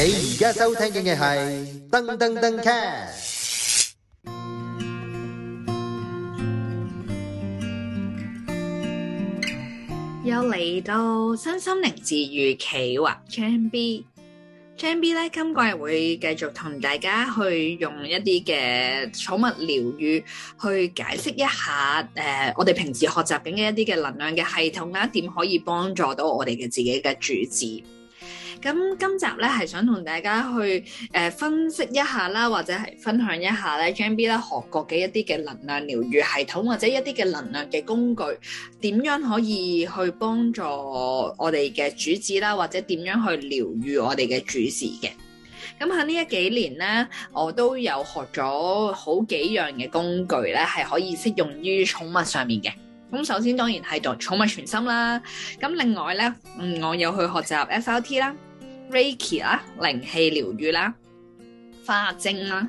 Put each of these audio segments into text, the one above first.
你而家收聽嘅係噔噔噔 c 又嚟到新心靈治愈企 c h a m B c h a m B 咧，今季月會繼續同大家去用一啲嘅寵物療愈，去解釋一下誒、呃，我哋平時學習緊嘅一啲嘅能量嘅系統咧，點可以幫助到我哋嘅自己嘅主治。咁今集咧係想同大家去誒、呃、分析一下啦，或者係分享一下咧 Gemini 咧學過嘅一啲嘅能量療愈系統，或者一啲嘅能量嘅工具，點樣可以去幫助我哋嘅主子啦，或者點樣去療愈我哋嘅主子嘅。咁喺呢一幾年咧，我都有學咗好幾樣嘅工具咧，係可以適用於寵物上面嘅。咁首先當然係讀寵物全心啦，咁另外咧，嗯，我有去學習 SLT 啦。Reiki 啦，靈氣療愈啦，花精啦，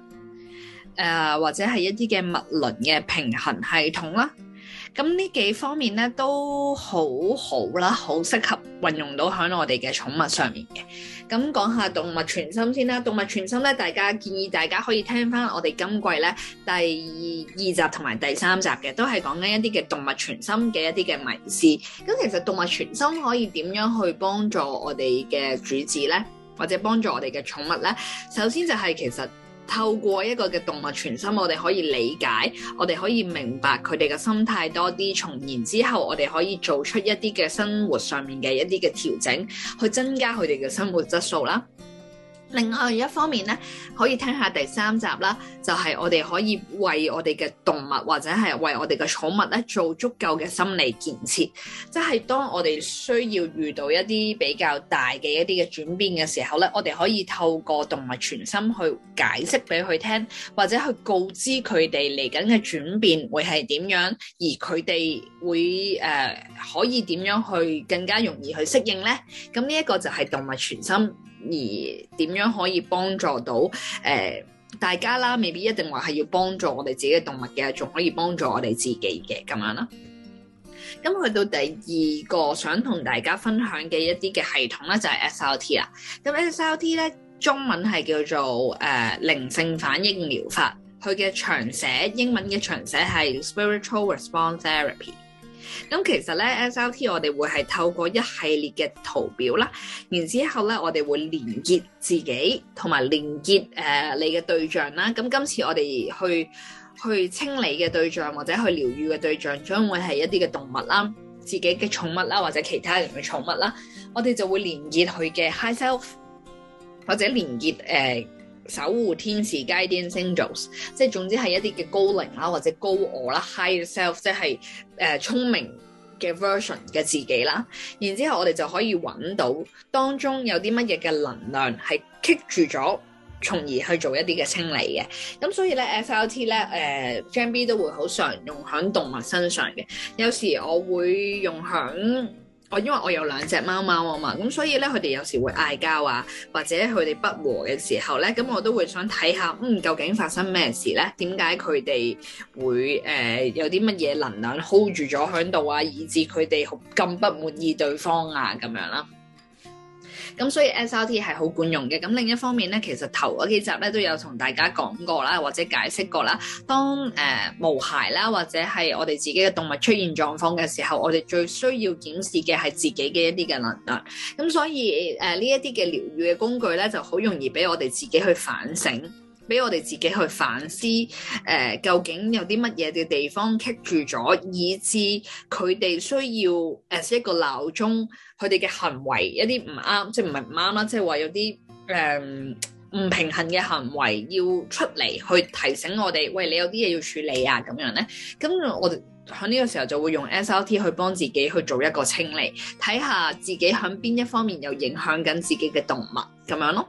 啊，誒、呃、或者係一啲嘅物輪嘅平衡系統啦，啊，咁呢幾方面咧都好好啦，好適合運用到喺我哋嘅寵物上面嘅。咁講下動物傳心先啦，動物傳心咧，大家建議大家可以聽翻我哋今季咧第二集同埋第三集嘅，都係講緊一啲嘅動物傳心嘅一啲嘅迷思。咁其實動物傳心可以點樣去幫助我哋嘅主子咧，或者幫助我哋嘅寵物咧？首先就係其實。透過一個嘅動物傳心，我哋可以理解，我哋可以明白佢哋嘅心態多啲。從然之後，我哋可以做出一啲嘅生活上面嘅一啲嘅調整，去增加佢哋嘅生活質素啦。另外一方面咧，可以聽下第三集啦，就係、是、我哋可以為我哋嘅動物或者係為我哋嘅寵物咧做足夠嘅心理建設。即、就、係、是、當我哋需要遇到一啲比較大嘅一啲嘅轉變嘅時候咧，我哋可以透過動物傳心去解釋俾佢聽，或者去告知佢哋嚟緊嘅轉變會係點樣，而佢哋會、呃、可以點樣去更加容易去適應咧。咁呢一個就係動物傳心。而點樣可以幫助到、呃、大家啦？未必一定話係要幫助我哋自己嘅動物嘅，仲可以幫助我哋自己嘅咁樣咯。咁去到第二個想同大家分享嘅一啲嘅系統咧，就係、是、SRT 啊。咁 SRT 咧中文係叫做、呃、靈性反應療法，佢嘅長寫英文嘅長寫係 Spiritual Response Therapy。咁其實咧，SLT 我哋會係透過一系列嘅圖表啦，然之後咧，我哋會連結自己同埋連結誒、uh, 你嘅對象啦。咁今次我哋去去清理嘅對象或者去療愈嘅對象，將會係一啲嘅動物啦，自己嘅寵物啦，或者其他人嘅寵物啦。我哋就會連結佢嘅 high self 或者連結誒。Uh, 守護天使 guardian angels 即係總之係一啲嘅高靈啦，或者高我啦，high self，即係誒、呃、聰明嘅 version 嘅自己啦。然之後我哋就可以揾到當中有啲乜嘢嘅能量係棘住咗，從而去做一啲嘅清理嘅。咁所以咧 f L T 咧誒、呃、g m B 都會好常用喺動物身上嘅。有時我會用響。我因為我有兩隻貓貓啊嘛，咁所以咧佢哋有時會嗌交啊，或者佢哋不和嘅時候咧，咁我都會想睇下，嗯，究竟發生咩事咧？點解佢哋會誒、呃、有啲乜嘢能量 hold 住咗喺度啊，以致佢哋咁不滿意對方啊咁樣啦、啊。咁所以 SRT 係好管用嘅。咁另一方面咧，其實頭嗰幾集咧都有同大家講過啦，或者解釋過啦。當誒、呃、毛孩啦，或者係我哋自己嘅動物出現狀況嘅時候，我哋最需要檢視嘅係自己嘅一啲嘅能量。咁所以誒呢一啲嘅療癒嘅工具咧，就好容易俾我哋自己去反省。俾我哋自己去反思，誒、呃、究竟有啲乜嘢嘅地方棘住咗，以至佢哋需要 a、呃、一個鬧鐘，佢哋嘅行為一啲唔啱，即係唔係唔啱啦，即係話有啲誒唔平衡嘅行為要出嚟去提醒我哋，喂，你有啲嘢要處理啊，咁樣咧。咁我哋喺呢個時候就會用 SRT 去幫自己去做一個清理，睇下自己喺邊一方面又影響緊自己嘅動物，咁樣咯。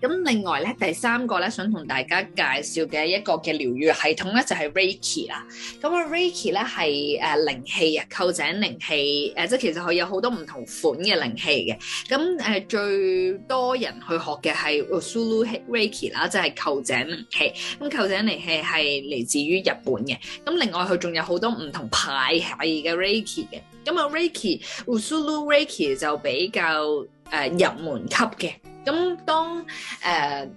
咁另外咧，第三個咧，想同大家介紹嘅一個嘅療愈系統咧，就係 Reiki 啦。咁啊，Reiki 咧係誒靈氣啊，臼井靈氣誒，即係其實佢有好多唔同款嘅靈氣嘅。咁誒最多人去學嘅係 Usui Reiki 啦，即係臼井靈氣。咁臼井靈氣係嚟自於日本嘅。咁另外佢仲有好多唔同派系嘅 Reiki 嘅。咁啊，Reiki Usui Reiki 就比較誒入門級嘅。咁當、呃、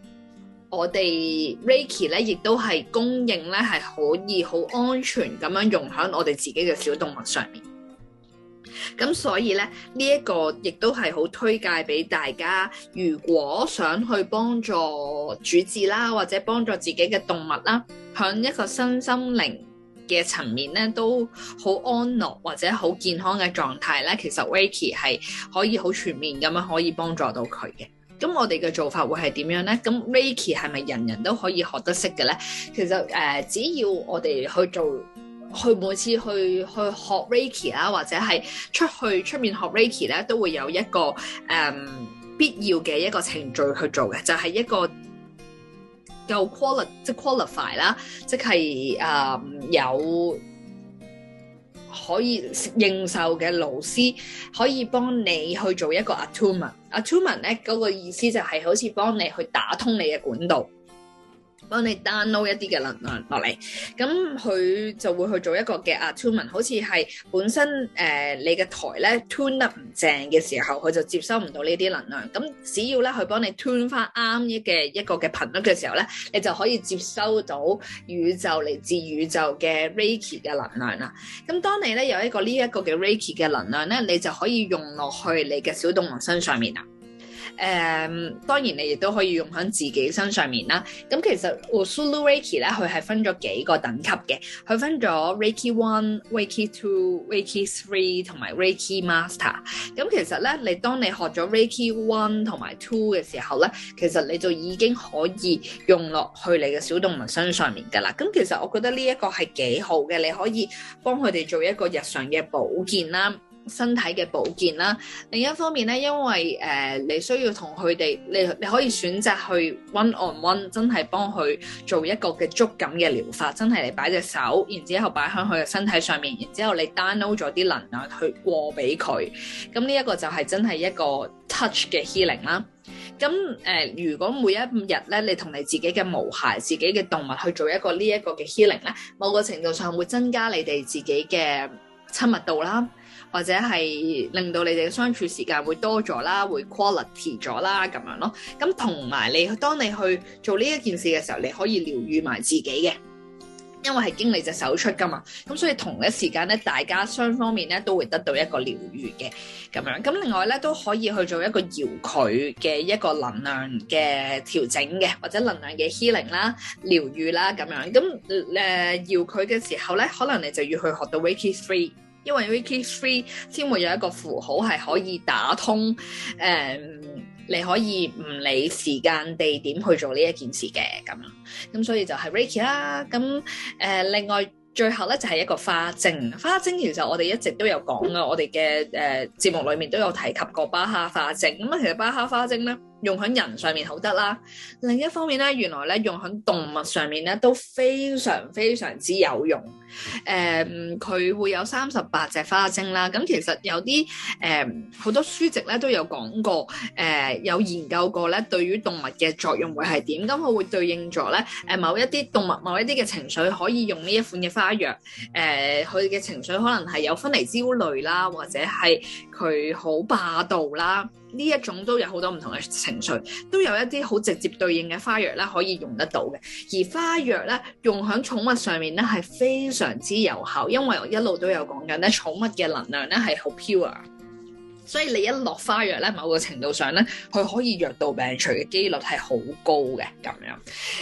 我哋 Reiki 咧，亦都係供應咧，係可以好安全咁樣用喺我哋自己嘅小動物上面。咁所以咧，呢、這、一個亦都係好推介俾大家。如果想去幫助主治啦，或者幫助自己嘅動物啦，響一個身心靈嘅層面咧，都好安樂或者好健康嘅狀態咧，其實 Reiki 係可以好全面咁樣可以幫助到佢嘅。咁我哋嘅做法會係點樣咧？咁 Reiki 係咪人人都可以學得識嘅咧？其實、呃、只要我哋去做，去每次去去學 Reiki 啦，或者係出去出面學 Reiki 咧，都會有一個、嗯、必要嘅一個程序去做嘅，就係、是、一個叫 quali 即 qualify 啦，即係、嗯、有。可以認受嘅老師可以幫你去做一個 atoman。atoman 咧，個意思就係好似幫你去打通你嘅管道。幫你 download 一啲嘅能量落嚟，咁佢就會去做一個嘅 tune，好似係本身誒、呃、你嘅台咧 tune 得唔正嘅時候，佢就接收唔到呢啲能量。咁只要咧佢幫你 tune 返翻啱一嘅一個嘅頻率嘅時候咧，你就可以接收到宇宙嚟自宇宙嘅 Reiki 嘅能量啦。咁當你咧有一個呢一個嘅 Reiki 嘅能量咧，你就可以用落去你嘅小動物身上面啦。誒、嗯、當然你亦都可以用喺自己身上面啦。咁其實 Usui Reiki 咧，佢係分咗幾個等級嘅。佢分咗 Reiki One、Reiki Two、Reiki Three 同埋 Reiki Master。咁其實咧，你當你學咗 Reiki One 同埋 Two 嘅時候咧，其實你就已經可以用落去你嘅小動物身上面㗎喇。咁其實我覺得呢一個係幾好嘅，你可以幫佢哋做一個日常嘅保健啦。身體嘅保健啦，另一方面咧，因為、呃、你需要同佢哋，你你可以選擇去 one on one，真係幫佢做一個嘅觸感嘅療法，真係你擺隻手，然之後擺喺佢嘅身體上面，然之後你 download 咗啲能量去過俾佢，咁呢一個就係真係一個 touch 嘅 healing 啦。咁、呃、如果每一日咧，你同你自己嘅毛孩、自己嘅動物去做一個呢一個嘅 healing 咧，某個程度上會增加你哋自己嘅親密度啦。或者係令到你哋嘅相處時間會多咗啦，會 quality 咗啦咁樣咯。咁同埋你當你去做呢一件事嘅時候，你可以療愈埋自己嘅，因為係經你隻手出噶嘛。咁所以同一時間咧，大家雙方面咧都會得到一個療愈嘅咁樣。咁另外咧都可以去做一個遙距嘅一個能量嘅調整嘅，或者能量嘅 healing 啦、療愈啦咁樣。咁誒，遙距嘅時候咧，可能你就要去學到 w a k i r e e 因為 Ricky Three 先會有一個符號係可以打通，誒、呃、你可以唔理時間地點去做呢一件事嘅咁樣，咁所以就係 Ricky 啦。咁誒、呃、另外最後咧就係一個花精，花精其實我哋一直都有講嘅，我哋嘅誒節目裡面都有提及過巴哈花精。咁啊其實巴哈花精咧。用喺人上面好得啦，另一方面咧，原來咧用喺動物上面咧都非常非常之有用。誒、嗯，佢會有三十八隻花精啦。咁其實有啲誒，好、嗯、多書籍咧都有講過，誒、呃，有研究過咧，對於動物嘅作用會係點？咁佢會對應咗咧，誒，某一啲動物某一啲嘅情緒可以用呢一款嘅花藥。誒、呃，佢嘅情緒可能係有分離焦慮啦，或者係佢好霸道啦。呢一種都有好多唔同嘅情緒，都有一啲好直接對應嘅花藥咧，可以用得到嘅。而花藥咧，用喺寵物上面咧，係非常之有效，因為我一路都有講緊咧，寵物嘅能量咧係好 pure，所以你一落花藥咧，某個程度上咧，佢可以藥到病除嘅機率係好高嘅咁樣。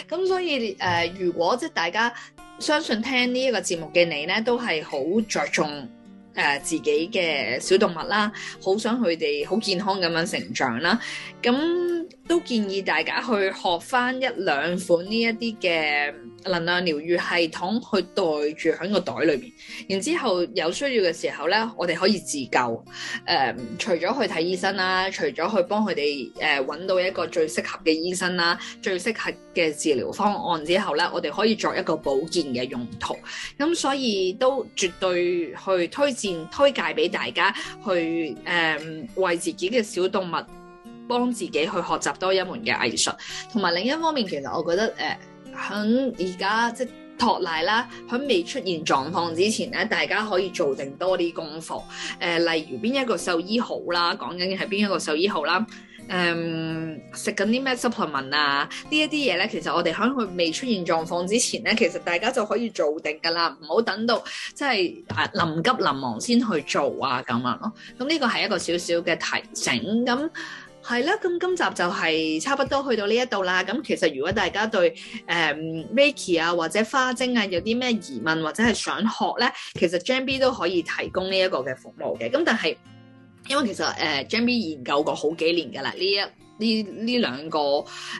咁所以誒、呃，如果即係大家相信聽呢一個節目嘅你咧，都係好着重。誒、呃、自己嘅小動物啦，好想佢哋好健康咁樣成長啦，咁。都建議大家去學翻一兩款呢一啲嘅能量療愈系統，去袋住喺個袋裏面。然之後有需要嘅時候咧，我哋可以自救。嗯、除咗去睇醫生啦，除咗去幫佢哋誒揾到一個最適合嘅醫生啦、最適合嘅治療方案之後咧，我哋可以作一個保健嘅用途。咁所以都絕對去推薦推介俾大家去、嗯、為自己嘅小動物。幫自己去學習多一門嘅藝術，同埋另一方面，其實我覺得誒，喺而家即係托賴啦，喺未出現狀況之前咧，大家可以做定多啲功課。誒、呃，例如邊一個獸醫好啦，講緊嘅係邊一個獸醫好啦。誒、呃，食緊啲咩 supplement 啊？這些東西呢一啲嘢咧，其實我哋喺佢未出現狀況之前咧，其實大家就可以做定㗎喇，唔好等到即係臨急臨忙先去做啊咁樣咯。咁呢個係一個少少嘅提醒咁。係啦，咁今集就係差不多去到呢一度啦。咁其實如果大家對誒 Reiki 啊或者花精啊有啲咩疑問或者係想學咧，其實 Jambi 都可以提供呢一個嘅服務嘅。咁但係因為其實 Jambi 研究過好幾年㗎啦，呢一呢呢兩個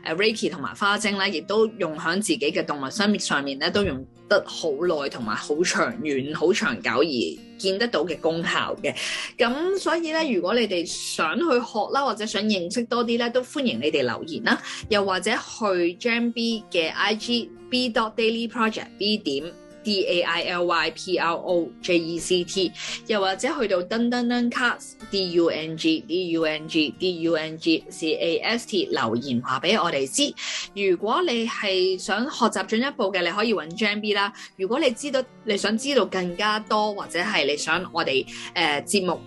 Reiki 同埋花精咧，亦都用響自己嘅動物生命上面咧都用得好耐同埋好長遠、好長久而見得到嘅功效嘅，咁所以咧，如果你哋想去學啦，或者想認識多啲咧，都歡迎你哋留言啦，又或者去 JMB 嘅 IG b d daily project b 點。Daily project，又或者去到噔噔噔 cast，dung dung dung cast，留言話俾我哋知。如果你係想學習進一步嘅，你可以揾 Jamb 啦。如果你知道你想知道更加多，或者係你想我哋誒節目。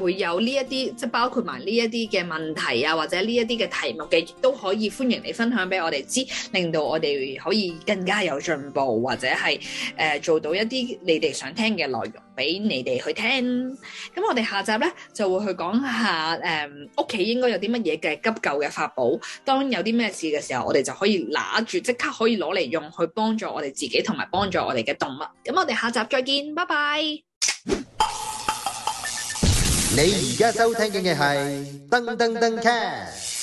會有呢一啲，即係包括埋呢一啲嘅問題啊，或者呢一啲嘅題目嘅，都可以歡迎你分享俾我哋知，令到我哋可以更加有進步，或者係誒、呃、做到一啲你哋想聽嘅內容俾你哋去聽。咁我哋下集呢，就會去講下誒屋企應該有啲乜嘢嘅急救嘅法寶，當有啲咩事嘅時候，我哋就可以攞住即刻可以攞嚟用，去幫助我哋自己同埋幫助我哋嘅動物。咁我哋下集再見，拜拜。你而家收聽嘅係噔噔噔 cat。